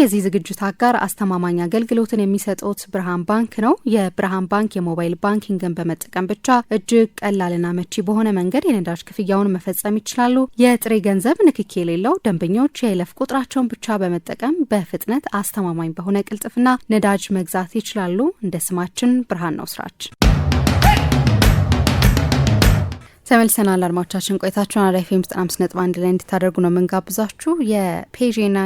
የዚህ ዝግጅት አጋር አስተማማኝ አገልግሎትን የሚሰጡት ብርሃን ባንክ ነው። የብርሃን ባንክ የሞባይል ባንኪንግን በመጠቀም ብቻ እጅግ ቀላልና መቺ በሆነ መንገድ የነዳጅ ክፍያውን መፈጸም ይችላሉ። የጥሬ ገንዘብ ንክኪ የሌለው ደንበኞች የይለፍ ቁጥራቸውን ብቻ በመጠቀም በፍጥነት አስተማማኝ በሆነ ቅልጥፍና ነዳጅ መግዛት ይችላሉ። እንደ ስማችን ብርሃን ነው ስራችን። ተመልሰናል አድማጮቻችን ቆይታችሁን አራዳ ኤፍ ኤም ዘጠና አምስት ነጥብ አንድ ላይ እንድታደርጉ ነው የምንጋብዛችሁ። የፔዤና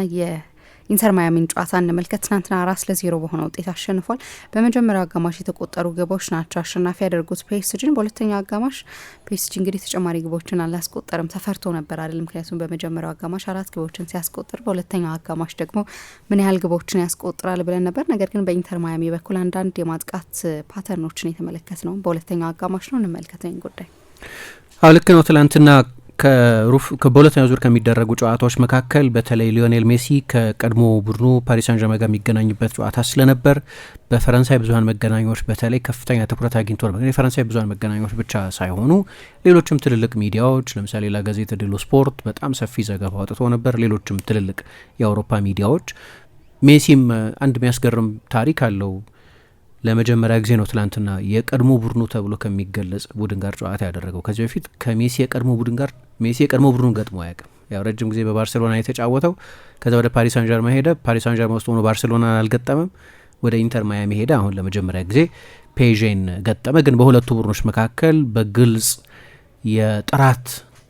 ኢንተር ማያሚን ጨዋታ እንመልከት። ትናንትና አራት ለዜሮ በሆነ ውጤት አሸንፏል። በመጀመሪያው አጋማሽ የተቆጠሩ ግቦች ናቸው አሸናፊ ያደርጉት ፔስጅን። በሁለተኛው አጋማሽ ፔስጅ እንግዲህ ተጨማሪ ግቦችን አላስቆጠርም። ተፈርቶ ነበር አይደል? ምክንያቱም በመጀመሪያው አጋማሽ አራት ግቦችን ሲያስቆጥር፣ በሁለተኛው አጋማሽ ደግሞ ምን ያህል ግቦችን ያስቆጥራል ብለን ነበር። ነገር ግን በኢንተር ማያሚ በኩል አንዳንድ የማጥቃት ፓተርኖችን የተመለከት ነው በሁለተኛው አጋማሽ ነው። እንመልከት ጉዳይ አልክ ነው። ትላንትና በሁለተኛው ዙር ከሚደረጉ ጨዋታዎች መካከል በተለይ ሊዮኔል ሜሲ ከቀድሞ ቡድኑ ፓሪስ ሳን ጋር የሚገናኝበት ጨዋታ ስለነበር በፈረንሳይ ብዙሀን መገናኛዎች በተለይ ከፍተኛ ትኩረት አግኝቶ ነበር። የፈረንሳይ ብዙሀን መገናኛዎች ብቻ ሳይሆኑ ሌሎችም ትልልቅ ሚዲያዎች ለምሳሌ ላጋዜጣ ዴሎ ስፖርት በጣም ሰፊ ዘገባ አውጥቶ ነበር። ሌሎችም ትልልቅ የአውሮፓ ሚዲያዎች ሜሲም አንድ የሚያስገርም ታሪክ አለው። ለመጀመሪያ ጊዜ ነው ትላንትና የቀድሞ ቡድኑ ተብሎ ከሚገለጽ ቡድን ጋር ጨዋታ ያደረገው። ከዚህ በፊት ከሜሲ የቀድሞ ቡድን ጋር ሜሲ የቀድሞ ቡድኑን ገጥሞ አያውቅም። ያው ረጅም ጊዜ በባርሴሎና የተጫወተው ከዛ ወደ ፓሪስ አንጀርማ ሄደ። ፓሪስ አንጀርማ ውስጥ ሆኖ ባርሴሎናን አልገጠመም። ወደ ኢንተር ማያሚ ሄደ። አሁን ለመጀመሪያ ጊዜ ፔዥን ገጠመ። ግን በሁለቱ ቡድኖች መካከል በግልጽ የጥራት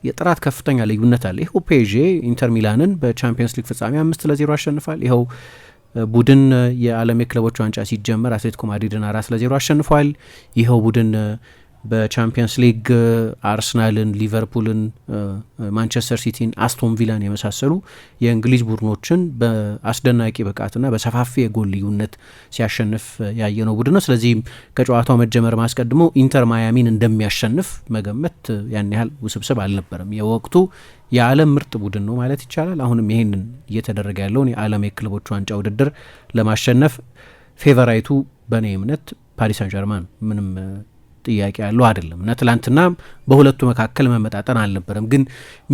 የጥራት ከፍተኛ ልዩነት አለ። ይኸው ፔዤ ኢንተር ሚላንን በቻምፒየንስ ሊግ ፍጻሜ አምስት ለዜሮ አሸንፋል። ይኸው ቡድን የዓለም የክለቦች ዋንጫ ሲጀመር አትሌቲኮ ማድሪድን አራት ለዜሮ አሸንፏል። ይኸው ቡድን በቻምፒየንስ ሊግ አርሰናልን፣ ሊቨርፑልን፣ ማንቸስተር ሲቲን፣ አስቶን ቪላን የመሳሰሉ የእንግሊዝ ቡድኖችን በአስደናቂ ብቃትና በሰፋፊ የጎል ልዩነት ሲያሸንፍ ያየነው ቡድን ነው። ስለዚህም ከጨዋታው መጀመር ማስቀድሞ ኢንተር ማያሚን እንደሚያሸንፍ መገመት ያን ያህል ውስብስብ አልነበረም። የወቅቱ የዓለም ምርጥ ቡድን ነው ማለት ይቻላል። አሁንም ይሄንን እየተደረገ ያለውን የዓለም የክለቦች ዋንጫ ውድድር ለማሸነፍ ፌቨራይቱ በእኔ እምነት ፓሪስ ሳን ጀርማን ምንም ጥያቄ ያለው አይደለም እና ትላንትና በሁለቱ መካከል መመጣጠን አልነበረም። ግን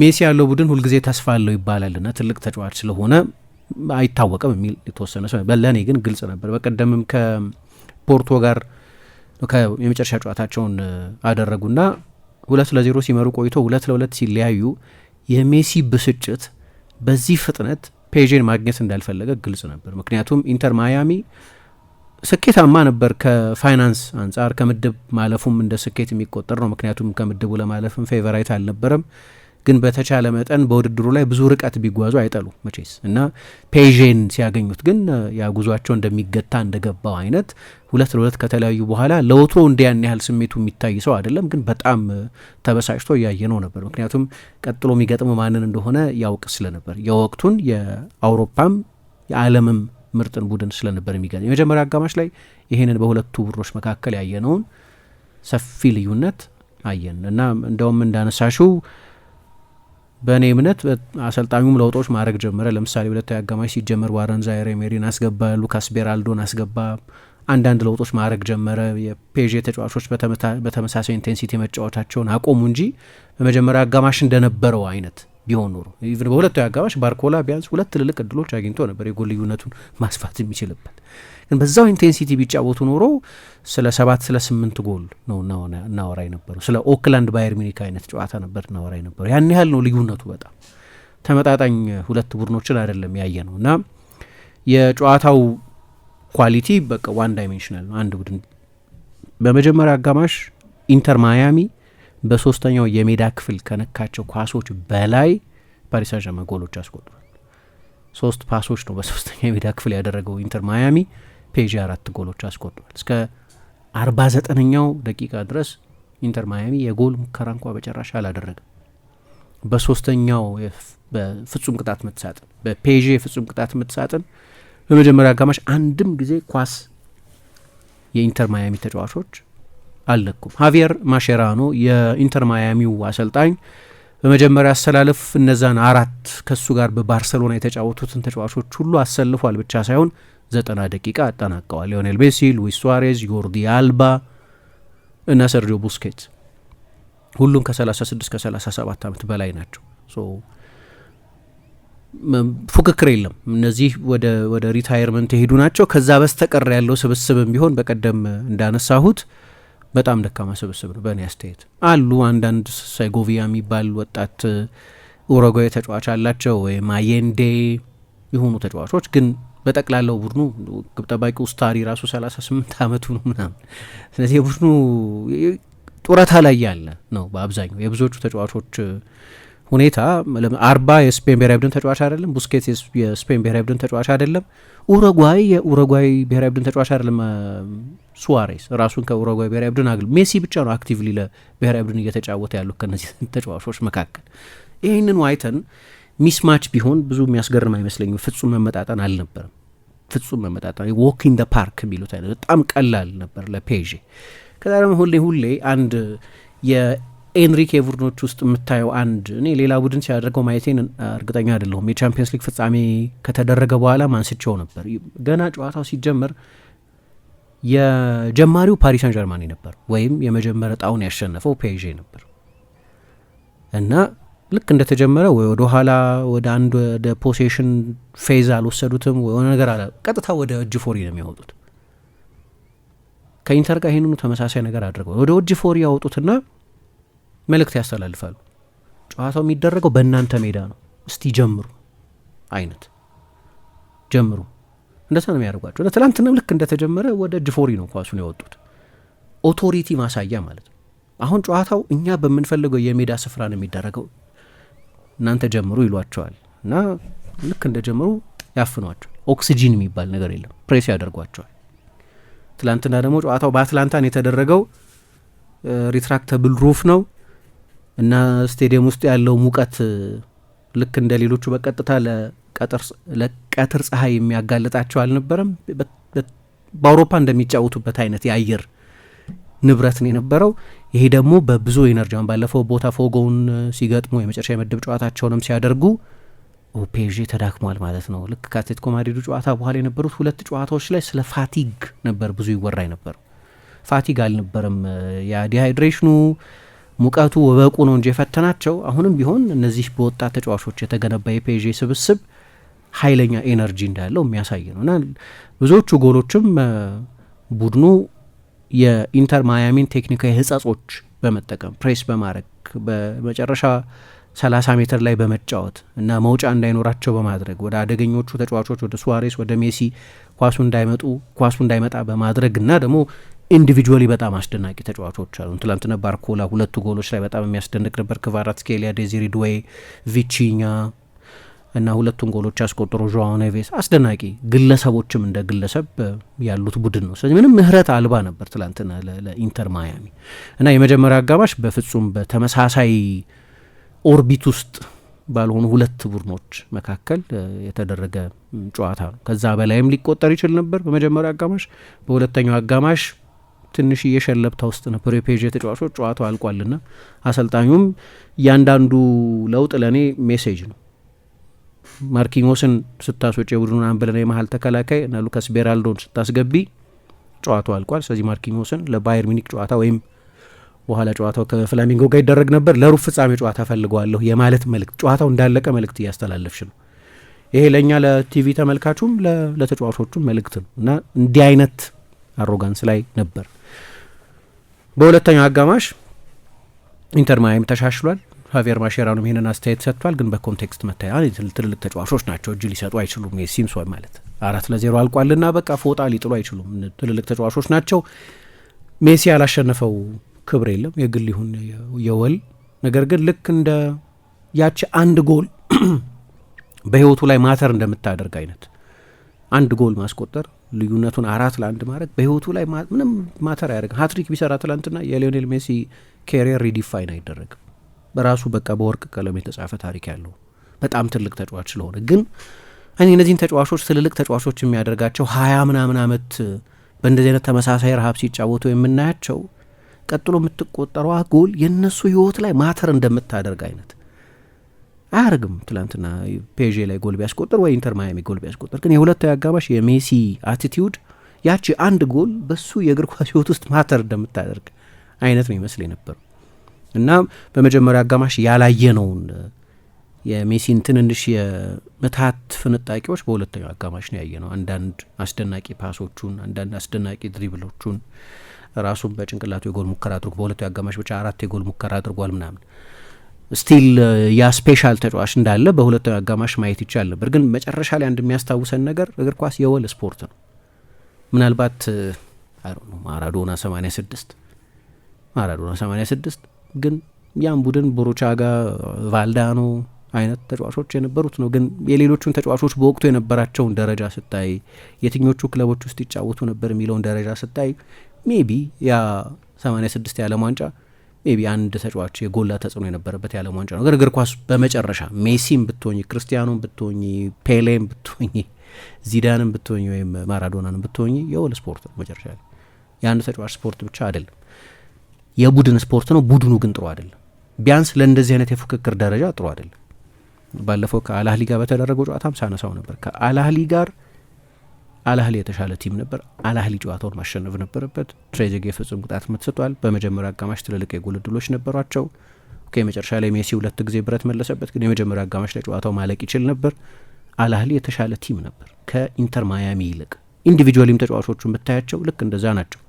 ሜሲ ያለው ቡድን ሁልጊዜ ተስፋ አለው ይባላል እና ትልቅ ተጫዋች ስለሆነ አይታወቅም የሚል የተወሰነ ሰው ለእኔ ግን ግልጽ ነበር። በቀደምም ከፖርቶ ጋር የመጨረሻ ጨዋታቸውን አደረጉና ሁለት ለዜሮ ሲመሩ ቆይቶ ሁለት ለሁለት ሲለያዩ የሜሲ ብስጭት በዚህ ፍጥነት ፔዥን ማግኘት እንዳልፈለገ ግልጽ ነበር። ምክንያቱም ኢንተር ማያሚ ስኬታማ ነበር ከፋይናንስ አንጻር፣ ከምድብ ማለፉም እንደ ስኬት የሚቆጠር ነው። ምክንያቱም ከምድቡ ለማለፍም ፌቨራይት አልነበረም። ግን በተቻለ መጠን በውድድሩ ላይ ብዙ ርቀት ቢጓዙ አይጠሉ መቼስ እና ፔዤን ሲያገኙት ግን ያ ጉዟቸው እንደሚገታ እንደገባው አይነት ሁለት ለሁለት ከተለያዩ በኋላ ለወትሮ እንዲያን ያህል ስሜቱ የሚታይ ሰው አይደለም፣ ግን በጣም ተበሳጭቶ እያየ ነው ነበር። ምክንያቱም ቀጥሎ የሚገጥመው ማንን እንደሆነ ያውቅ ስለነበር የወቅቱን የአውሮፓም የዓለምም ምርጥን ቡድን ስለነበር የሚገ የመጀመሪያ አጋማሽ ላይ ይህንን በሁለቱ ቡድኖች መካከል ያየነውን ሰፊ ልዩነት አየን እና እንደውም እንዳነሳሽው በእኔ እምነት አሰልጣኙም ለውጦች ማድረግ ጀመረ። ለምሳሌ ሁለታዊ አጋማሽ ሲጀመር ዋረን ዛይሬ ሜሪን አስገባ፣ ሉካስ ቤራልዶን አስገባ። አንዳንድ ለውጦች ማድረግ ጀመረ። የፔዥ ተጫዋቾች በተመሳሳይ ኢንቴንሲቲ መጫወታቸውን አቆሙ እንጂ በመጀመሪያ አጋማሽ እንደነበረው አይነት ቢሆን ኖሮ ኢቭን በሁለታዊ አጋማሽ ባርኮላ ቢያንስ ሁለት ትልልቅ እድሎች አግኝቶ ነበር የጎል ልዩነቱን ማስፋት የሚችልበት ግን በዛው ኢንቴንሲቲ ቢጫወቱ ኖሮ ስለ ሰባት ስለ ስምንት ጎል ነው እናወራ የነበረው። ስለ ኦክላንድ ባየር ሚኒክ አይነት ጨዋታ ነበር እናወራ የነበረው። ያን ያህል ነው ልዩነቱ። በጣም ተመጣጣኝ ሁለት ቡድኖችን አይደለም ያየ ነው እና የጨዋታው ኳሊቲ በቃ ዋን ዳይሜንሽናል ነው። አንድ ቡድን በመጀመሪያ አጋማሽ ኢንተር ማያሚ በሶስተኛው የሜዳ ክፍል ከነካቸው ኳሶች በላይ ፓሪስ ሴንት ዠርመን ጎሎች አስቆጥሯል። ሶስት ፓሶች ነው በሶስተኛ የሜዳ ክፍል ያደረገው ኢንተር ማያሚ ፔዥ አራት ጎሎች አስቆጥሯል። እስከ አርባ ዘጠነኛው ደቂቃ ድረስ ኢንተር ማያሚ የጎል ሙከራ እንኳ በጨራሽ አላደረገም። በሶስተኛው በፍጹም ቅጣት ምት ሳጥን በፔዥ የፍጹም ቅጣት ምት ሳጥን በመጀመሪያ አጋማሽ አንድም ጊዜ ኳስ የኢንተር ማያሚ ተጫዋቾች አልለኩም። ሀቪየር ማሼራኖ የኢንተር ማያሚው አሰልጣኝ በመጀመሪያ አሰላለፍ እነዛን አራት ከሱ ጋር በባርሰሎና የተጫወቱትን ተጫዋቾች ሁሉ አሰልፏል ብቻ ሳይሆን ዘጠና ደቂቃ አጠናቀዋል። ሊዮኔል ሜሲ፣ ሉዊስ ሱዋሬዝ፣ ዮርዲ አልባ እና ሰርጂዮ ቡስኬት ሁሉም ከ36 ከ37 ዓመት በላይ ናቸው። ፉክክር የለም። እነዚህ ወደ ሪታይርመንት የሄዱ ናቸው። ከዛ በስተቀር ያለው ስብስብም ቢሆን በቀደም እንዳነሳሁት በጣም ደካማ ስብስብ ነው በእኔ አስተያየት። አሉ አንዳንድ ሳይጎቪያ የሚባል ወጣት ኡሩጓይ ተጫዋች አላቸው ወይም አየንዴ የሆኑ ተጫዋቾች ግን በጠቅላላው ቡድኑ ግብ ጠባቂ ስታሪ ራሱ ስምንት ዓመቱ ነው ምናምን። ስለዚህ የቡድኑ ጡረታ ላይ ያለ ነው በአብዛኛው የብዙዎቹ ተጫዋቾች ሁኔታ። አርባ የስፔን ብሔራዊ ቡድን ተጫዋች አይደለም። ቡስኬት የስፔን ብሔራዊ ቡድን ተጫዋች አይደለም። ኡሩጓይ የኡሩጓይ ብሔራዊ ቡድን ተጫዋች አይደለም። ሱዋሬስ ራሱን ከኡሩጓይ ብሔራዊ ቡድን አግል ሜሲ ብቻ ነው አክቲቭሊ ለብሔራዊ ቡድን እየተጫወተ ያሉ ከነዚህ ተጫዋቾች መካከል ይህንን ዋይተን ሚስማች ቢሆን ብዙ የሚያስገርም አይመስለኝም። ፍጹም መመጣጠን አልነበርም ፍጹም መመጣጠን ዎክ ኢን ደ ፓርክ የሚሉት አይነት በጣም ቀላል ነበር ለፔዤ። ከዛ ደግሞ ሁሌ ሁሌ አንድ የኤንሪኬ ቡድኖች ውስጥ የምታየው አንድ እኔ ሌላ ቡድን ሲያደርገው ማየቴን እርግጠኛ አይደለሁም። የቻምፒየንስ ሊግ ፍጻሜ ከተደረገ በኋላ ማንስቸው ነበር። ገና ጨዋታው ሲጀመር የጀማሪው ፓሪሳን ሳን ነበር ወይም የመጀመሪያ ጣውን ያሸነፈው ፔዤ ነበር እና ልክ እንደተጀመረ ወይ ወደ ኋላ ወደ አንድ ወደ ፖሴሽን ፌዝ አልወሰዱትም፣ የሆነ ነገር አለ። ቀጥታ ወደ እጅ ፎሪ ነው የሚያወጡት። ከኢንተር ጋር ይህንኑ ተመሳሳይ ነገር አድርገ ወደ እጅ ፎሪ ያወጡትና መልእክት ያስተላልፋሉ። ጨዋታው የሚደረገው በእናንተ ሜዳ ነው፣ እስቲ ጀምሩ አይነት ጀምሩ። እንደዛ ነው የሚያደርጓቸው። ለትላንትንም ልክ እንደተጀመረ ወደ እጅ ፎሪ ነው ኳሱን ያወጡት። ኦቶሪቲ ማሳያ ማለት ነው። አሁን ጨዋታው እኛ በምንፈልገው የሜዳ ስፍራ ነው የሚደረገው እናንተ ጀምሩ ይሏቸዋል እና ልክ እንደ ጀምሩ ያፍኗቸዋል። ኦክሲጂን የሚባል ነገር የለም፣ ፕሬስ ያደርጓቸዋል። ትላንትና ደግሞ ጨዋታው በአትላንታን የተደረገው ሪትራክተብል ሩፍ ነው እና ስቴዲየም ውስጥ ያለው ሙቀት ልክ እንደ ሌሎቹ በቀጥታ ለቀትር ፀሐይ የሚያጋልጣቸው አልነበረም። በአውሮፓ እንደሚጫወቱበት አይነት የአየር ንብረት ነው የነበረው። ይሄ ደግሞ በብዙ ኤነርጂ አሁን ባለፈው ቦታ ፎጎውን ሲገጥሙ የመጨረሻ የምድብ ጨዋታቸውንም ሲያደርጉ ፔዥ ተዳክሟል ማለት ነው። ልክ ከአትሌቲኮ ማድሪዱ ጨዋታ በኋላ የነበሩት ሁለት ጨዋታዎች ላይ ስለ ፋቲግ ነበር ብዙ ይወራ የነበረው። ፋቲግ አልነበረም፣ ያ ዲሃይድሬሽኑ፣ ሙቀቱ፣ ወበቁ ነው እንጂ የፈተናቸው። አሁንም ቢሆን እነዚህ በወጣት ተጫዋቾች የተገነባ የፔዥ ስብስብ ኃይለኛ ኤነርጂ እንዳለው የሚያሳይ ነው እና ብዙዎቹ ጎሎችም ቡድኑ የኢንተር ማያሚን ቴክኒካዊ ህጸጾች በመጠቀም ፕሬስ በማድረግ በመጨረሻ 30 ሜትር ላይ በመጫወት እና መውጫ እንዳይኖራቸው በማድረግ ወደ አደገኞቹ ተጫዋቾች ወደ ሱዋሬስ ወደ ሜሲ ኳሱ እንዳይመጡ ኳሱ እንዳይመጣ በማድረግ እና ደግሞ ኢንዲቪጁዋሊ በጣም አስደናቂ ተጫዋቾች አሉ። ትላንትና ባርኮላ ሁለቱ ጎሎች ላይ በጣም የሚያስደንቅ ነበር። ክቫራትስኬሊያ፣ ዴዚሪ ድዌ፣ ቪቺኛ እና ሁለቱን ጎሎች ያስቆጠሩ ዦዋ ኔቬስ አስደናቂ ግለሰቦችም እንደ ግለሰብ ያሉት ቡድን ነው። ስለዚህ ምንም ምህረት አልባ ነበር ትላንትና ለኢንተር ማያሚ እና የመጀመሪያ አጋማሽ በፍጹም በተመሳሳይ ኦርቢት ውስጥ ባልሆኑ ሁለት ቡድኖች መካከል የተደረገ ጨዋታ ነው። ከዛ በላይም ሊቆጠር ይችል ነበር በመጀመሪያ አጋማሽ። በሁለተኛው አጋማሽ ትንሽ እየሸለብታ ውስጥ ነበር የፔዥ ተጫዋቾች ጨዋታው አልቋልና አሰልጣኙም እያንዳንዱ ለውጥ ለእኔ ሜሴጅ ነው ማርኪኞስን ስታስወጭ የቡድኑን አንበልና የመሀል ተከላካይ እና ሉካስ ቤራልዶን ስታስገቢ ጨዋታው አልቋል። ስለዚህ ማርኪኞስን ለባየር ሚኒክ ጨዋታ ወይም በኋላ ጨዋታው ከፍላሚንጎ ጋር ይደረግ ነበር ለሩብ ፍጻሜ ጨዋታ ፈልገዋለሁ የማለት መልእክት፣ ጨዋታው እንዳለቀ መልእክት እያስተላለፍሽ ነው። ይሄ ለእኛ ለቲቪ ተመልካቹም ለተጫዋቾቹም መልእክት ነው እና እንዲህ አይነት አሮጋንስ ላይ ነበር። በሁለተኛው አጋማሽ ኢንተር ማያም ተሻሽሏል። ሀቪየር ማሽራኑም ይህንን አስተያየት ሰጥቷል። ግን በኮንቴክስት መታያ ትልልቅ ተጫዋቾች ናቸው፣ እጅ ሊሰጡ አይችሉም። ሲምሶን ማለት አራት ለዜሮ አልቋልና በቃ ፎጣ ሊጥሉ አይችሉም። ትልልቅ ተጫዋቾች ናቸው። ሜሲ ያላሸነፈው ክብር የለም፣ የግል ይሁን የወል ነገር ግን ልክ እንደ ያቺ አንድ ጎል በህይወቱ ላይ ማተር እንደምታደርግ አይነት አንድ ጎል ማስቆጠር ልዩነቱን አራት ለአንድ ማድረግ በህይወቱ ላይ ምንም ማተር አያደርግም። ሀትሪክ ቢሰራ ትላንትና የሊዮኔል ሜሲ ኬሪየር ሪዲፋይን አይደረግም። በራሱ በቃ በወርቅ ቀለም የተጻፈ ታሪክ ያለው በጣም ትልቅ ተጫዋች ስለሆነ ግን እኔ እነዚህን ተጫዋቾች ትልልቅ ተጫዋቾች የሚያደርጋቸው ሀያ ምናምን ዓመት በእንደዚህ አይነት ተመሳሳይ ረሀብ ሲጫወቱ የምናያቸው ቀጥሎ የምትቆጠሯ ጎል የእነሱ ህይወት ላይ ማተር እንደምታደርግ አይነት አያደርግም። ትላንትና ፔዤ ላይ ጎል ቢያስቆጥር ወይ ኢንተር ማያሚ ጎል ቢያስቆጥር ግን የሁለታዊ አጋማሽ የሜሲ አቲቲዩድ ያቺ አንድ ጎል በሱ የእግር ኳስ ህይወት ውስጥ ማተር እንደምታደርግ አይነት ነው ይመስል የነበረው። እና በመጀመሪያ አጋማሽ ያላየነውን የሜሲን ትንንሽ የምትሀት ፍንጣቂዎች በሁለተኛው አጋማሽ ነው ያየነው። አንዳንድ አስደናቂ ፓሶቹን፣ አንዳንድ አስደናቂ ድሪብሎቹን ራሱን በጭንቅላቱ የጎል ሙከራ አድርጎ በሁለተኛው አጋማሽ ብቻ አራት የጎል ሙከራ አድርጓል ምናምን ስቲል ያ ስፔሻል ተጫዋች እንዳለ በሁለተኛው አጋማሽ ማየት ይቻል ነበር። ግን መጨረሻ ላይ አንድ የሚያስታውሰን ነገር እግር ኳስ የወል ስፖርት ነው። ምናልባት አይ ማራዶና 86 ማራዶና 86 ግን ያም ቡድን ቦሩቻጋ ቫልዳኖ አይነት ተጫዋቾች የነበሩት ነው። ግን የሌሎቹን ተጫዋቾች በወቅቱ የነበራቸውን ደረጃ ስታይ፣ የትኞቹ ክለቦች ውስጥ ይጫወቱ ነበር የሚለውን ደረጃ ስታይ ሜቢ ያ 86 የዓለም ዋንጫ ሜቢ አንድ ተጫዋች የጎላ ተጽዕኖ የነበረበት የዓለም ዋንጫ ነው። ግን እግር ኳስ በመጨረሻ ሜሲም ብትሆኝ፣ ክርስቲያኖም ብትሆኝ፣ ፔሌም ብትሆኝ፣ ዚዳንም ብትሆኝ ወይም ማራዶናንም ብትሆኝ የወል ስፖርት ነው መጨረሻ የአንድ ተጫዋች ስፖርት ብቻ አይደለም። የቡድን ስፖርት ነው። ቡድኑ ግን ጥሩ አይደለም። ቢያንስ ለእንደዚህ አይነት የፉክክር ደረጃ ጥሩ አይደለም። ባለፈው ከአላህሊ ጋር በተደረገው ጨዋታም ሳነሳው ነበር። ከአላህሊ ጋር አላህሊ የተሻለ ቲም ነበር። አልአህሊ ጨዋታውን ማሸነፍ ነበረበት። ትሬዜጌ የፍጹም ቅጣት ምት በመጀመሪያ አጋማሽ ትልልቅ የጎል እድሎች ነበሯቸው። መጨረሻ ላይ ሜሲ ሁለት ጊዜ ብረት መለሰበት፣ ግን የመጀመሪያ አጋማሽ ላይ ጨዋታው ማለቅ ይችል ነበር። አልአህሊ የተሻለ ቲም ነበር ከኢንተር ማያሚ ይልቅ። ኢንዲቪጁዋሊም ተጫዋቾቹ የምታያቸው ልክ እንደዛ ናቸው።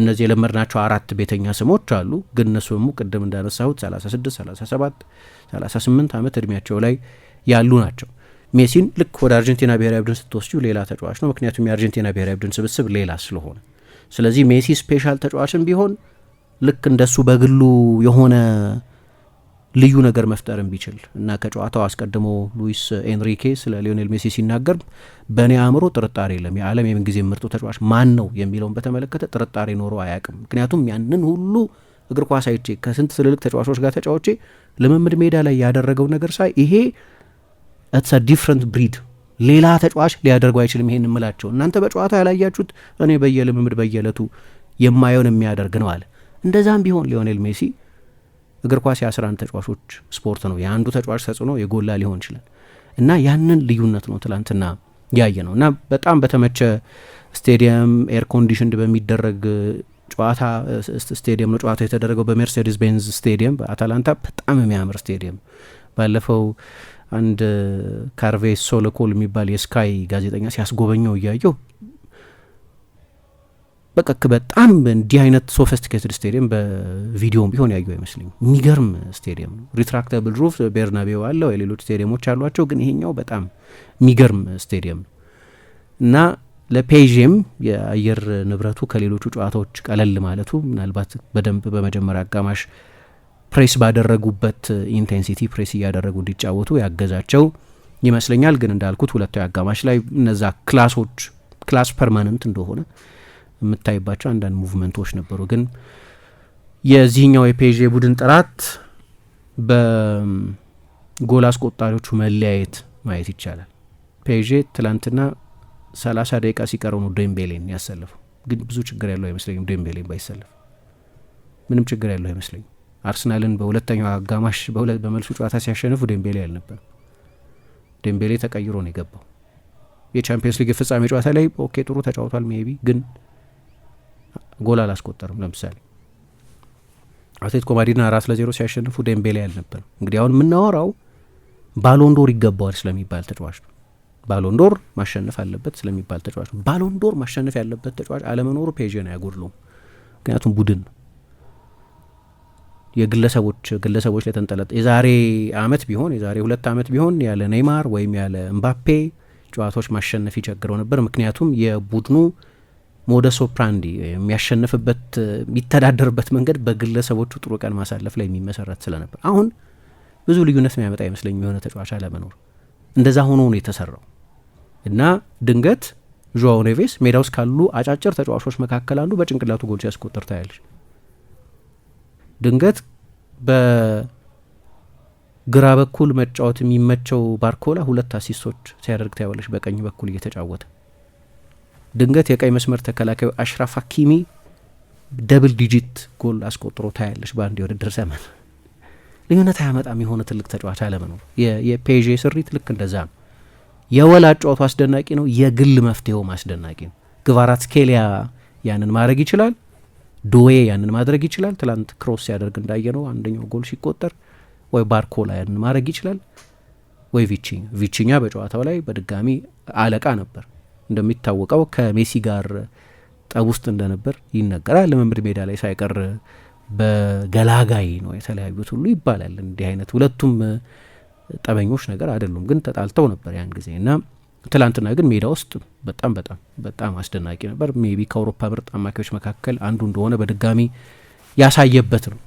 እነዚህ የለመድናቸው አራት ቤተኛ ስሞች አሉ። ግን እነሱ ደግሞ ቅድም እንዳነሳሁት 36፣ 37፣ 38 ዓመት እድሜያቸው ላይ ያሉ ናቸው። ሜሲን ልክ ወደ አርጀንቲና ብሔራዊ ቡድን ስትወስጂው ሌላ ተጫዋች ነው። ምክንያቱም የአርጀንቲና ብሔራዊ ቡድን ስብስብ ሌላ ስለሆነ፣ ስለዚህ ሜሲ ስፔሻል ተጫዋችን ቢሆን ልክ እንደሱ በግሉ የሆነ ልዩ ነገር መፍጠርም ቢችል እና ከጨዋታው አስቀድሞ ሉዊስ ኤንሪኬ ስለ ሊዮኔል ሜሲ ሲናገር በእኔ አእምሮ ጥርጣሬ የለም፣ የዓለም የምንጊዜ ምርጡ ተጫዋች ማን ነው የሚለውን በተመለከተ ጥርጣሬ ኖሮ አያውቅም። ምክንያቱም ያንን ሁሉ እግር ኳስ አይቼ ከስንት ትልልቅ ተጫዋቾች ጋር ተጫዋቼ ልምምድ ሜዳ ላይ ያደረገው ነገር ሳይ ይሄ እትስ ዲፍረንት ብሪድ ሌላ ተጫዋች ሊያደርገው አይችልም። ይሄን እምላቸው እናንተ በጨዋታ ያላያችሁት እኔ በየልምምድ በየለቱ የማየውን የሚያደርግ ነው አለ። እንደዛም ቢሆን ሊዮኔል ሜሲ እግር ኳስ የ11 ተጫዋቾች ስፖርት ነው። የአንዱ ተጫዋች ተጽዕኖ የጎላ ሊሆን ይችላል እና ያንን ልዩነት ነው ትላንትና ያየ ነው እና በጣም በተመቸ ስቴዲየም ኤር ኮንዲሽንድ በሚደረግ ጨዋታ ስቴዲየም ነው ጨዋታ የተደረገው በሜርሴዲስ ቤንዝ ስቴዲየም በአታላንታ። በጣም የሚያምር ስቴዲየም ባለፈው አንድ ካርቬ ሶለኮል የሚባል የስካይ ጋዜጠኛ ሲያስጎበኘው እያየው በቃ በጣም እንዲህ አይነት ሶፌስቲኬትድ ስቴዲየም በቪዲዮም ቢሆን ያዩ አይመስልኝ። የሚገርም ስቴዲየም ነው። ሪትራክተብል ሩፍ ቤርናቤው አለው፣ የሌሎች ስቴዲየሞች አሏቸው፣ ግን ይሄኛው በጣም የሚገርም ስቴዲየም ነው እና ለፔዥም የአየር ንብረቱ ከሌሎቹ ጨዋታዎች ቀለል ማለቱ ምናልባት በደንብ በመጀመሪያ አጋማሽ ፕሬስ ባደረጉበት ኢንቴንሲቲ ፕሬስ እያደረጉ እንዲጫወቱ ያገዛቸው ይመስለኛል። ግን እንዳልኩት ሁለታዊ አጋማሽ ላይ እነዛ ክላሶች ክላስ ፐርማነንት እንደሆነ የምታይባቸው አንዳንድ ሙቭመንቶች ነበሩ። ግን የዚህኛው የፔዥ ቡድን ጥራት በጎል አስቆጣሪዎቹ መለያየት ማየት ይቻላል። ፔዥ ትላንትና ሰላሳ ደቂቃ ሲቀረው ነው ዴምቤሌን ያሰለፈው። ግን ብዙ ችግር ያለው አይመስለኝም። ዴምቤሌን ባይሰለፍ ምንም ችግር ያለው አይመስለኝም። አርሰናልን በሁለተኛው አጋማሽ በመልሱ ጨዋታ ሲያሸንፉ ዴምቤሌ አልነበር። ዴምቤሌ ተቀይሮ ነው የገባው። የቻምፒየንስ ሊግ ፍጻሜ ጨዋታ ላይ ኦኬ ጥሩ ተጫውቷል ሜቢ ግን ጎል አላስቆጠርም። ለምሳሌ አትሌቲኮ ማድሪድን አራት ለዜሮ ሲያሸንፉ ዴምቤሌ አልነበረም። እንግዲህ አሁን የምናወራው ባሎንዶር ይገባዋል ስለሚባል ተጫዋች ነው። ባሎንዶር ማሸነፍ አለበት ስለሚባል ተጫዋች ነው። ባሎንዶር ማሸነፍ ያለበት ተጫዋች አለመኖሩ ፔዥን አያጎድለውም። ምክንያቱም ቡድን ነው የግለሰቦች ግለሰቦች ላይ ተንጠለጠ። የዛሬ አመት ቢሆን የዛሬ ሁለት አመት ቢሆን ያለ ኔይማር ወይም ያለ እምባፔ ጨዋታዎች ማሸነፍ ይቸግረው ነበር። ምክንያቱም የቡድኑ ሞደስ ኦፕራንዲ የሚያሸንፍበት የሚተዳደርበት መንገድ በግለሰቦቹ ጥሩ ቀን ማሳለፍ ላይ የሚመሰረት ስለነበር አሁን ብዙ ልዩነት የሚያመጣ አይመስለኝ የሆነ ተጫዋች አለመኖር እንደዛ ሆኖ ነው የተሰራው እና ድንገት ዡዋው ኔቬስ ሜዳ ውስጥ ካሉ አጫጭር ተጫዋቾች መካከል አንዱ በጭንቅላቱ ጎል ሲያስቆጥር ታያለች። ድንገት በግራ በኩል መጫወት የሚመቸው ባርኮላ ሁለት አሲስቶች ሲያደርግ ታያለች፣ በቀኝ በኩል እየተጫወተ ድንገት የቀይ መስመር ተከላካዩ አሽራፍ ሀኪሚ ደብል ዲጂት ጎል አስቆጥሮ ታያለች በአንድ የውድድር ዘመን። ልዩነት አያመጣም የሆነ ትልቅ ተጫዋች አለመኖር። የፔዤ ስሪት ልክ እንደዛ ነው። የወል ጨዋቱ አስደናቂ ነው። የግል መፍትሄውም አስደናቂ ነው። ግቫራት ስኬሊያ ያንን ማድረግ ይችላል። ዶዌ ያንን ማድረግ ይችላል። ትላንት ክሮስ ሲያደርግ እንዳየ ነው አንደኛው ጎል ሲቆጠር፣ ወይ ባርኮላ ያንን ማድረግ ይችላል ወይ ቪቺኛ። ቪቺኛ በጨዋታው ላይ በድጋሚ አለቃ ነበር። እንደሚታወቀው ከሜሲ ጋር ጠብ ውስጥ እንደነበር ይነገራል። ልምምድ ሜዳ ላይ ሳይቀር በገላጋይ ነው የተለያዩት ሁሉ ይባላል። እንዲህ አይነት ሁለቱም ጠበኞች ነገር አይደሉም፣ ግን ተጣልተው ነበር ያን ጊዜ እና ትላንትና ግን ሜዳ ውስጥ በጣም በጣም በጣም አስደናቂ ነበር። ሜቢ ከአውሮፓ ምርጥ አማካዮች መካከል አንዱ እንደሆነ በድጋሚ ያሳየበት ነው።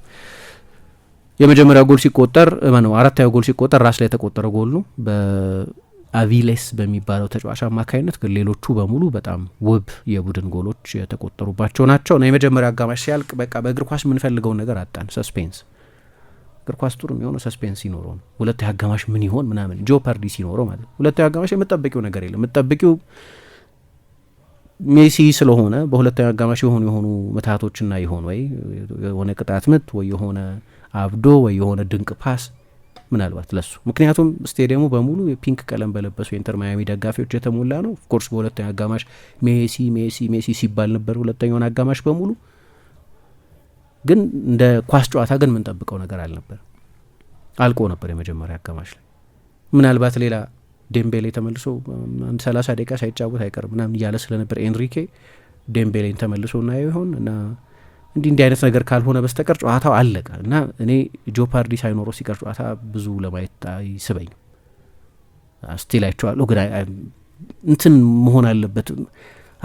የመጀመሪያው ጎል ሲቆጠር ነው አራተኛው ጎል ሲቆጠር ራስ ላይ የተቆጠረ ጎል ነው። አቪሌስ በሚባለው ተጫዋች አማካኝነት ግን ሌሎቹ በሙሉ በጣም ውብ የቡድን ጎሎች የተቆጠሩባቸው ናቸው እና የመጀመሪያ አጋማሽ ሲያልቅ በቃ በእግር ኳስ የምንፈልገውን ነገር አጣን። ሰስፔንስ እግር ኳስ ጥሩ የሚሆነው ሰስፔንስ ሲኖረው ነው። ሁለተኛ አጋማሽ ምን ይሆን ምናምን ጆፐርዲ ሲኖረው ማለት ነው። አጋማሽ የምጠብቂው ነገር የለም። የምጠብቂው ሜሲ ስለሆነ በሁለተኛ አጋማሽ የሆኑ የሆኑ ምትሃቶችና ይሆን ወይ የሆነ ቅጣት ምት ወይ የሆነ አብዶ ወይ የሆነ ድንቅ ፓስ ምናልባት ለሱ ምክንያቱም ስቴዲየሙ በሙሉ ፒንክ ቀለም በለበሱ የኢንተር ማያሚ ደጋፊዎች የተሞላ ነው። ኦፍኮርስ በሁለተኛ አጋማሽ ሜሲ ሜሲ ሜሲ ሲባል ነበር ሁለተኛውን አጋማሽ በሙሉ። ግን እንደ ኳስ ጨዋታ ግን የምንጠብቀው ነገር አልነበር። አልቆ ነበር የመጀመሪያ አጋማሽ ላይ ምናልባት ሌላ ዴምቤሌ ተመልሶ አንድ ሰላሳ ደቂቃ ሳይጫወት አይቀርም ምናምን እያለ ስለነበር ኤንሪኬ ዴምቤሌን ተመልሶ እናየው ይሆን እና እንዲህ እንዲህ አይነት ነገር ካልሆነ በስተቀር ጨዋታው አለቀ እና እኔ ጆፓርዲ ሳይኖረው ሲቀር ጨዋታ ብዙ ለማየት አይስበኝም። ስቲል አይቼዋለሁ፣ ግን እንትን መሆን አለበት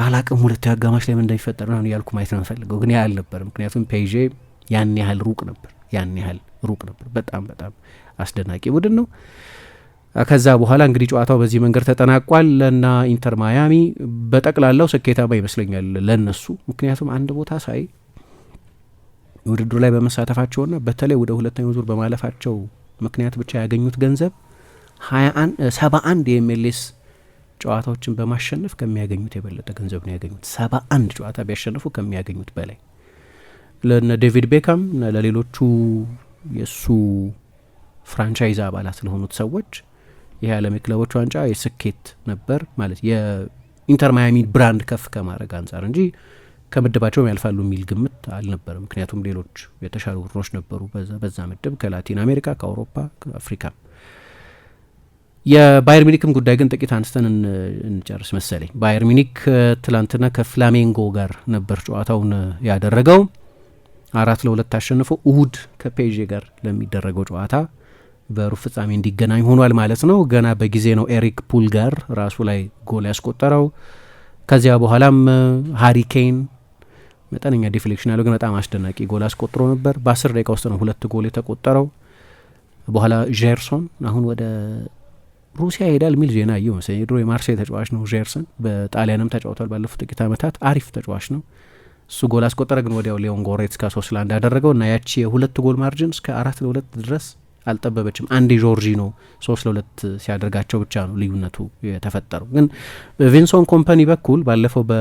አላቅም። ሁለት አጋማሽ ላይ ምን እንደሚፈጠር ነው እያልኩ ማየት ነው የምፈልገው፣ ግን ያህል ነበር። ምክንያቱም ፔዤ ያን ያህል ሩቅ ነበር፣ ያን ያህል ሩቅ ነበር። በጣም በጣም አስደናቂ ቡድን ነው። ከዛ በኋላ እንግዲህ ጨዋታው በዚህ መንገድ ተጠናቋል ለና ኢንተር ማያሚ በጠቅላላው ስኬታማ ይመስለኛል ለነሱ ምክንያቱም አንድ ቦታ ሳይ ውድድሩ ላይ በመሳተፋቸውና በተለይ ወደ ሁለተኛው ዙር በማለፋቸው ምክንያት ብቻ ያገኙት ገንዘብ ሰባ አንድ የኤምኤልኤስ ጨዋታዎችን በማሸነፍ ከሚያገኙት የበለጠ ገንዘብ ነው ያገኙት። ሰባ አንድ ጨዋታ ቢያሸንፉ ከሚያገኙት በላይ ለነ ዴቪድ ቤካም ለሌሎቹ የእሱ ፍራንቻይዝ አባላት ለሆኑት ሰዎች ይህ የዓለም የክለቦች ዋንጫ የስኬት ነበር ማለት የኢንተር ማያሚ ብራንድ ከፍ ከማድረግ አንጻር እንጂ ከምድባቸውም ያልፋሉ የሚል ግምት አልነበረም። ምክንያቱም ሌሎች የተሻሉ ቡድኖች ነበሩ በዛ ምድብ ከላቲን አሜሪካ፣ ከአውሮፓ፣ ከአፍሪካ። የባየር ሚኒክም ጉዳይ ግን ጥቂት አንስተን እንጨርስ መሰለኝ። ባየር ሚኒክ ትላንትና ከፍላሜንጎ ጋር ነበር ጨዋታውን ያደረገው አራት ለሁለት አሸንፎ እሁድ ከፔዤ ጋር ለሚደረገው ጨዋታ በሩብ ፍጻሜ እንዲገናኝ ሆኗል ማለት ነው። ገና በጊዜ ነው ኤሪክ ፑል ጋር ራሱ ላይ ጎል ያስቆጠረው። ከዚያ በኋላም ሃሪኬን መጠነኛ ዲፍሌክሽን ያለው ግን በጣም አስደናቂ ጎል አስቆጥሮ ነበር። በአስር ደቂቃ ውስጥ ነው ሁለት ጎል የተቆጠረው። በኋላ ዤርሶን አሁን ወደ ሩሲያ ይሄዳል የሚል ዜና እየ መሰለኝ። የድሮ የማርሴይ ተጫዋች ነው ዤርሰን፣ በጣሊያንም ተጫውቷል ባለፉት ጥቂት ዓመታት። አሪፍ ተጫዋች ነው እሱ። ጎል አስቆጠረ፣ ግን ወዲያው ሊዮን ጎሬትስካ ሶስት ለአንድ ያደረገው እና ያቺ የሁለት ጎል ማርጅን እስከ አራት ለሁለት ድረስ አልጠበበችም። አንድ ጆርጂኖ ሶስት ለሁለት ሲያደርጋቸው ብቻ ነው ልዩነቱ የተፈጠረው። ግን በቪንሶን ኮምፓኒ በኩል ባለፈው በ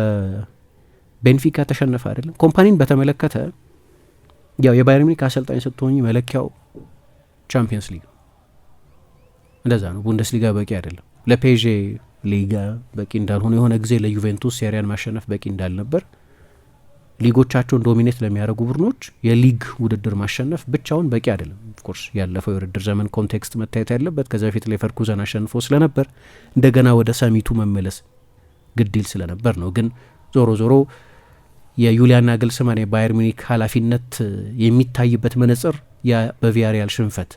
ቤንፊካ ተሸነፈ አይደለም። ኮምፓኒን በተመለከተ ያው የባየር ሚኒክ አሰልጣኝ ስትሆኝ መለኪያው ቻምፒየንስ ሊግ ነው። እንደዛ ነው። ቡንደስሊጋ በቂ አይደለም። ለፔዤ ሊጋ በቂ እንዳልሆነ የሆነ ጊዜ ለዩቬንቱስ ሴሪያን ማሸነፍ በቂ እንዳልነበር ሊጎቻቸውን ዶሚኔት ለሚያደርጉ ቡድኖች የሊግ ውድድር ማሸነፍ ብቻውን በቂ አይደለም። ኦፍኮርስ ያለፈው የውድድር ዘመን ኮንቴክስት መታየት ያለበት ከዚ በፊት ሌቨርኩዘን አሸንፎ ስለነበር እንደገና ወደ ሰሚቱ መመለስ ግድል ስለነበር ነው። ግን ዞሮ ዞሮ የዩሊያን ናግልስማን የባየር ሚኒክ ኃላፊነት የሚታይበት መነጽር በቪያሪያል ሽንፈት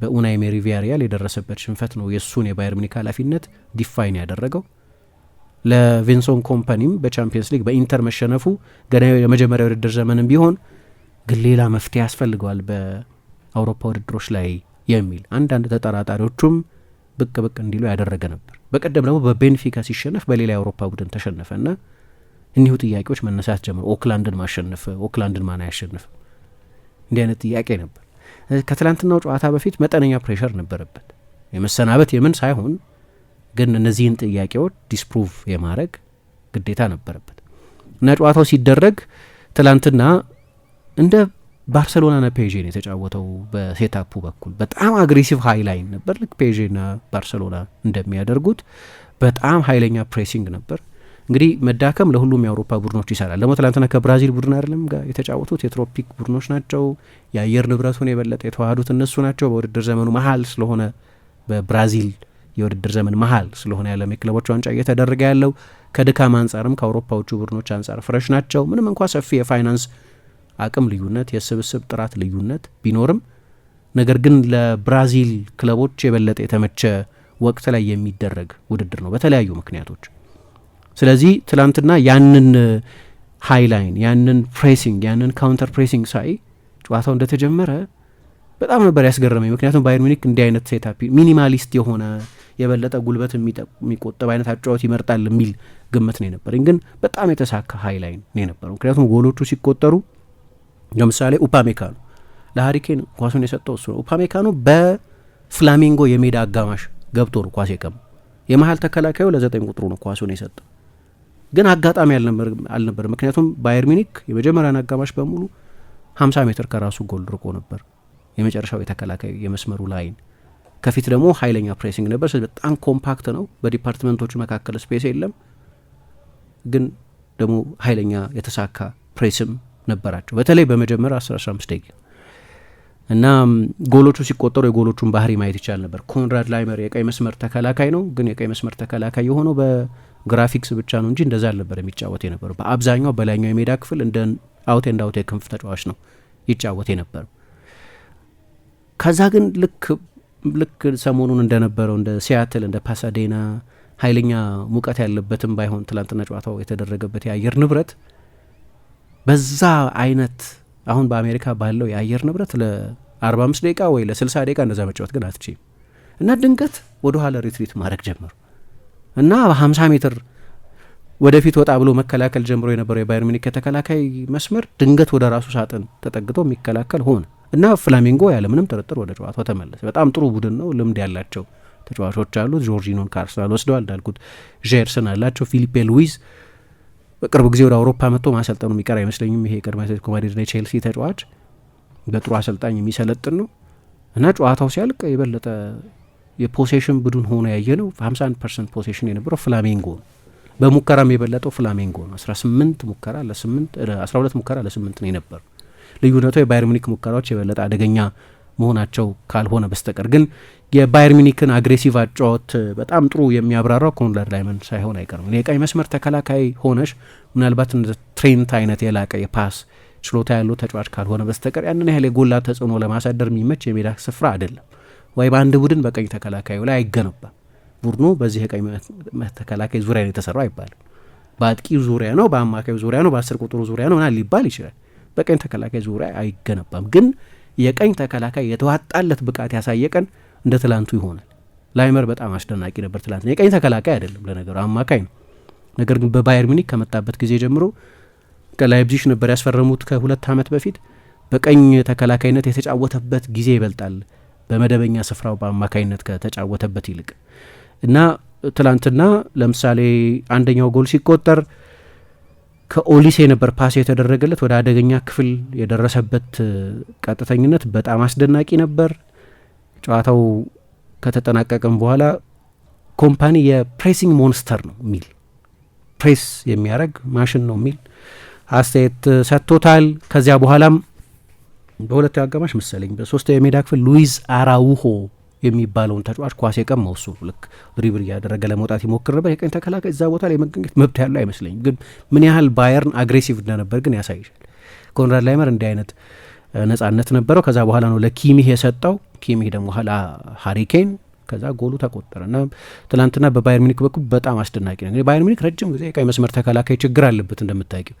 በኡናይ ሜሪ ቪያሪያል የደረሰበት ሽንፈት ነው የእሱን የባየር ሚኒክ ኃላፊነት ዲፋይን ያደረገው። ለቪንሶን ኮምፓኒም በቻምፒየንስ ሊግ በኢንተር መሸነፉ ገና የመጀመሪያ ውድድር ዘመንም ቢሆን ግን ሌላ መፍትሄ ያስፈልገዋል በአውሮፓ ውድድሮች ላይ የሚል አንዳንድ ተጠራጣሪዎቹም ብቅ ብቅ እንዲሉ ያደረገ ነበር። በቀደም ደግሞ በቤንፊካ ሲሸነፍ በሌላ የአውሮፓ ቡድን ተሸነፈና እኒሁ ጥያቄዎች መነሳት ጀምሩ። ኦክላንድን ማሸንፍ ኦክላንድን ማን አያሸንፍ እንዲህ አይነት ጥያቄ ነበር። ከትላንትናው ጨዋታ በፊት መጠነኛ ፕሬሸር ነበረበት የመሰናበት የምን ሳይሆን ግን እነዚህን ጥያቄዎች ዲስፕሩቭ የማድረግ ግዴታ ነበረበት እና ጨዋታው ሲደረግ ትላንትና እንደ ባርሰሎናና ፔዤ ነው የተጫወተው። በሴታፑ በኩል በጣም አግሬሲቭ ሀይ ላይን ነበር፣ ልክ ፔዤና ባርሰሎና እንደሚያደርጉት በጣም ሀይለኛ ፕሬሲንግ ነበር። እንግዲህ መዳከም ለሁሉም የአውሮፓ ቡድኖች ይሰራል። ደግሞ ትላንትና ከብራዚል ቡድን አይደለም ጋር የተጫወቱት የትሮፒክ ቡድኖች ናቸው። የአየር ንብረቱን የበለጠ የተዋህዱት እነሱ ናቸው። በውድድር ዘመኑ መሀል ስለሆነ በብራዚል የውድድር ዘመን መሀል ስለሆነ ያለም የክለቦች ዋንጫ እየተደረገ ያለው ከድካም አንጻርም ከአውሮፓዎቹ ቡድኖች አንጻር ፍረሽ ናቸው። ምንም እንኳ ሰፊ የፋይናንስ አቅም ልዩነት፣ የስብስብ ጥራት ልዩነት ቢኖርም ነገር ግን ለብራዚል ክለቦች የበለጠ የተመቸ ወቅት ላይ የሚደረግ ውድድር ነው በተለያዩ ምክንያቶች ስለዚህ ትላንትና ያንን ሃይላይን ያንን ፕሬሲንግ ያንን ካውንተር ፕሬሲንግ ሳይ ጨዋታው እንደተጀመረ በጣም ነበር ያስገረመኝ። ምክንያቱም ባየር ሚኒክ እንዲህ አይነት ሴታፕ ሚኒማሊስት የሆነ የበለጠ ጉልበት የሚቆጠብ አይነት አጫወት ይመርጣል የሚል ግምት ነው የነበረኝ፣ ግን በጣም የተሳካ ሀይላይን ነው የነበረው። ምክንያቱም ጎሎቹ ሲቆጠሩ ለምሳሌ ኡፓሜካኖ ለሀሪኬን ኳሱን የሰጠው እሱ ነው። ኡፓሜካኖ በፍላሚንጎ የሜዳ አጋማሽ ገብቶ ነው ኳስ የቀማ። የመሀል ተከላካዩ ለዘጠኝ ቁጥሩ ነው ኳሱን የሰጠው ግን አጋጣሚ አልነበር። ምክንያቱም ባየር ሚኒክ የመጀመሪያን አጋማሽ በሙሉ 50 ሜትር ከራሱ ጎል ርቆ ነበር። የመጨረሻው የተከላካይ የመስመሩ ላይን ከፊት ደግሞ ኃይለኛ ፕሬሲንግ ነበር። ስለዚህ በጣም ኮምፓክት ነው። በዲፓርትመንቶቹ መካከል ስፔስ የለም፣ ግን ደግሞ ኃይለኛ የተሳካ ፕሬስም ነበራቸው። በተለይ በመጀመሪያ 15 ደቂቃ እና ጎሎቹ ሲቆጠሩ የጎሎቹን ባህሪ ማየት ይቻል ነበር። ኮንራድ ላይመር የቀይ መስመር ተከላካይ ነው፣ ግን የቀይ መስመር ተከላካይ የሆነው በግራፊክስ ብቻ ነው እንጂ እንደዛ አልነበር የሚጫወት የነበሩ። በአብዛኛው በላይኛው የሜዳ ክፍል እንደ አውቴ እንደ አውቴ ክንፍ ተጫዋች ነው ይጫወት የነበረው። ከዛ ግን ልክ ልክ ሰሞኑን እንደነበረው እንደ ሲያትል እንደ ፓሳዴና ኃይለኛ ሙቀት ያለበትም ባይሆን ትላንትና ጨዋታው የተደረገበት የአየር ንብረት በዛ አይነት አሁን በአሜሪካ ባለው የአየር ንብረት ለ45 ደቂቃ ወይ ለ60 ደቂቃ እንደዛ መጫወት ግን አትችም እና ድንገት ወደ ኋላ ሪትሪት ማድረግ ጀመሩ እና በ50 ሜትር ወደፊት ወጣ ብሎ መከላከል ጀምሮ የነበረው የባየር ሚኒክ የተከላካይ መስመር ድንገት ወደ ራሱ ሳጥን ተጠግቶ የሚከላከል ሆነ እና ፍላሚንጎ ያለምንም ጥርጥር ወደ ጨዋታው ተመለሰ። በጣም ጥሩ ቡድን ነው። ልምድ ያላቸው ተጫዋቾች አሉት። ጆርጂኖን ከአርሰናል ወስደዋል እንዳልኩት፣ ዤርሰን አላቸው፣ ፊሊፔ ሉዊዝ በቅርብ ጊዜ ወደ አውሮፓ መጥቶ ማሰልጠኑ የሚቀር አይመስለኝም። ይሄ የቀድሞ አትሌቲኮ ና ቼልሲ ተጫዋች በጥሩ አሰልጣኝ የሚሰለጥን ነው እና ጨዋታው ሲያልቅ የበለጠ የፖሴሽን ቡድን ሆኖ ያየ ነው። 51 ፐርሰንት ፖሴሽን የነበረው ፍላሜንጎ ነው። በሙከራም የበለጠው ፍላሜንጎ ነው። 18 ሙከራ ለ8 12 ሙከራ ለ8 ነው የነበረው። ልዩነቱ የባየር ሙኒክ ሙከራዎች የበለጠ አደገኛ መሆናቸው ካልሆነ በስተቀር ግን የባየር ሚኒክን አግሬሲቭ አጫወት በጣም ጥሩ የሚያብራራው ኮንለር ላይመን ሳይሆን አይቀርም። የቀኝ መስመር ተከላካይ ሆነሽ ምናልባት እንደ ትሬንት አይነት የላቀ የፓስ ችሎታ ያለው ተጫዋች ካልሆነ በስተቀር ያንን ያህል የጎላ ተጽዕኖ ለማሳደር የሚመች የሜዳ ስፍራ አይደለም። ወይ በአንድ ቡድን በቀኝ ተከላካዩ ላይ አይገነባም። ቡድኑ በዚህ የቀኝ ተከላካይ ዙሪያ ነው የተሰራው አይባልም። በአጥቂ ዙሪያ ነው፣ በአማካዩ ዙሪያ ነው፣ በአስር ቁጥሩ ዙሪያ ነው ና ሊባል ይችላል። በቀኝ ተከላካይ ዙሪያ አይገነባም ግን የቀኝ ተከላካይ የተዋጣለት ብቃት ያሳየ ቀን እንደ ትላንቱ ይሆናል። ላይመር በጣም አስደናቂ ነበር ትላንት። የቀኝ ተከላካይ አይደለም ለነገሩ አማካኝ ነው። ነገር ግን በባየር ሚኒክ ከመጣበት ጊዜ ጀምሮ ከላይፕዚሽ ነበር ያስፈረሙት ከሁለት ዓመት በፊት በቀኝ ተከላካይነት የተጫወተበት ጊዜ ይበልጣል በመደበኛ ስፍራው በአማካኝነት ከተጫወተበት ይልቅ እና ትላንትና ለምሳሌ አንደኛው ጎል ሲቆጠር ከኦሊሴ የነበር ፓስ የተደረገለት ወደ አደገኛ ክፍል የደረሰበት ቀጥተኝነት በጣም አስደናቂ ነበር። ጨዋታው ከተጠናቀቀም በኋላ ኮምፓኒ የፕሬሲንግ ሞንስተር ነው የሚል ፕሬስ የሚያደርግ ማሽን ነው የሚል አስተያየት ሰጥቶታል። ከዚያ በኋላው አጋማሽ መሰለኝ በሶስተኛው የሜዳ ክፍል ሉዊዝ አራውሆ የሚባለውን ተጫዋች ኳስ የቀመው እሱ ልክ ድሪብል እያደረገ ለመውጣት ይሞክር ነበር። የቀኝ ተከላካይ እዛ ቦታ ላይ መገኘት መብት ያለው አይመስለኝም። ግን ምን ያህል ባየርን አግሬሲቭ እንደነበር ግን ያሳይሻል። ኮንራድ ላይመር እንዲህ አይነት ነጻነት ነበረው። ከዛ በኋላ ነው ለኪሚህ የሰጠው። ኪሚህ ደግሞ ኋላ ሀሪኬን ከዛ ጎሉ ተቆጠረ እና ትናንትና በባየር ሚኒክ በኩል በጣም አስደናቂ ነው። ባየር ሚኒክ ረጅም ጊዜ የቀኝ መስመር ተከላካይ ችግር አለበት እንደምታውቂው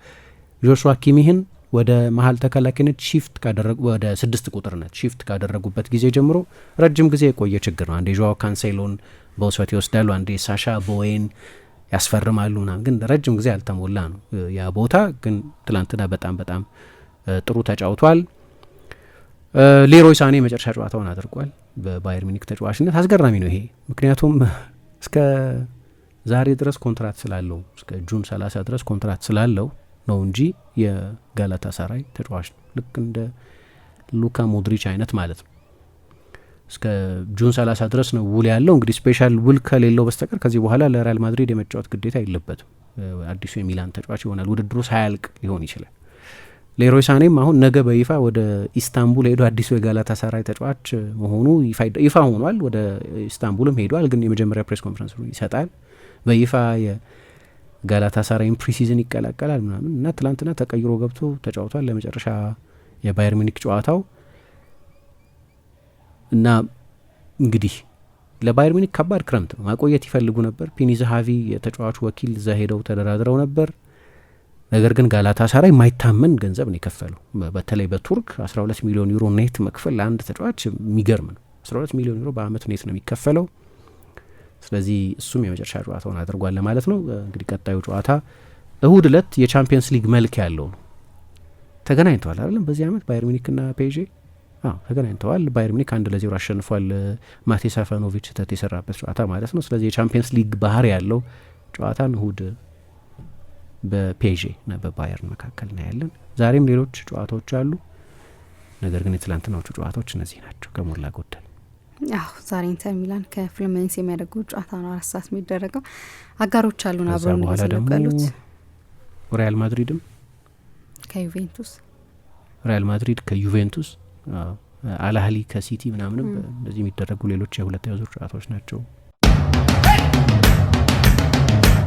ጆሹዋ ኪሚህን ወደ መሀል ተከላካይነት ሺፍት ካደረጉ ወደ ስድስት ቁጥርነት ሺፍት ካደረጉበት ጊዜ ጀምሮ ረጅም ጊዜ የቆየ ችግር ነው። አንዴ ዋው ካንሴሎን በውሰት ይወስዳሉ፣ አንዴ ሳሻ ቦዌን ያስፈርማሉ ምናምን፣ ግን ረጅም ጊዜ ያልተሞላ ነው ያ ቦታ። ግን ትላንትና በጣም በጣም ጥሩ ተጫውቷል። ሌሮይ ሳኔ መጨረሻ ጨዋታውን አድርጓል በባየር ሚኒክ ተጫዋችነት። አስገራሚ ነው ይሄ ምክንያቱም እስከ ዛሬ ድረስ ኮንትራት ስላለው እስከ ጁን ሰላሳ ድረስ ኮንትራት ስላለው ነው እንጂ የጋላታ ሳራይ ተጫዋች ነው። ልክ እንደ ሉካ ሞድሪች አይነት ማለት ነው። እስከ ጁን 30 ድረስ ነው ውል ያለው። እንግዲህ ስፔሻል ውል ከሌለው በስተቀር ከዚህ በኋላ ለሪያል ማድሪድ የመጫወት ግዴታ የለበትም። አዲሱ የሚላን ተጫዋች ይሆናል። ውድድሩ ሳያልቅ ሊሆን ይችላል። ሌሮይ ሳኔም አሁን ነገ በይፋ ወደ ኢስታንቡል ሄዶ አዲሱ የጋላታ ሳራይ ተጫዋች መሆኑ ይፋ ሆኗል። ወደ ኢስታንቡልም ሄዷል። ግን የመጀመሪያ ፕሬስ ኮንፈረንስ ይሰጣል በይፋ ጋላታ ሳራይን ፕሪሲዝን ይቀላቀላል ምናምን እና ትላንትና ተቀይሮ ገብቶ ተጫውቷል ለመጨረሻ የባየር ሚኒክ ጨዋታው እና እንግዲህ ለባየር ሚኒክ ከባድ ክረምት ነው። ማቆየት ይፈልጉ ነበር። ፒኒዝሃቪ የተጫዋቹ ወኪል እዛ ሄደው ተደራድረው ነበር። ነገር ግን ጋላታ ሳራይ የማይታመን ገንዘብ ነው የከፈለው። በተለይ በቱርክ 12 ሚሊዮን ዩሮ ኔት መክፈል ለአንድ ተጫዋች የሚገርም ነው። 12 ሚሊዮን ዩሮ በአመት ኔት ነው የሚከፈለው። ስለዚህ እሱም የመጨረሻ ጨዋታውን አድርጓል ለማለት ነው። እንግዲህ ቀጣዩ ጨዋታ እሁድ እለት የቻምፒየንስ ሊግ መልክ ያለው ነው። ተገናኝተዋል አይደለም? በዚህ አመት ባየር ሚኒክና ፔዤ ተገናኝተዋል። ባየር ሚኒክ አንድ ለዜሮ አሸንፏል። ማቴ ሳፋኖቪች ስህተት የሰራበት ጨዋታ ማለት ነው። ስለዚህ የቻምፒየንስ ሊግ ባህር ያለው ጨዋታን እሁድ በፔዤ ና በባየርን መካከል እናያለን። ዛሬም ሌሎች ጨዋታዎች አሉ። ነገር ግን የትላንትናዎቹ ጨዋታዎች እነዚህ ናቸው ከሞላ ጎደል። ያው ዛሬ ኢንተር ሚላን ከፍሉሚንስ የሚያደርጉ ጨዋታ ነው። አራት ሰዓት የሚደረገው አጋሮች አሉን አብረን ያሉት ሪያል ማድሪድም ከዩቬንቱስ ሪያል ማድሪድ ከዩቬንቱስ አልአህሊ ከሲቲ ምናምንም እንደዚህ የሚደረጉ ሌሎች የሁለተኛ ዙር ጨዋታዎች ናቸው።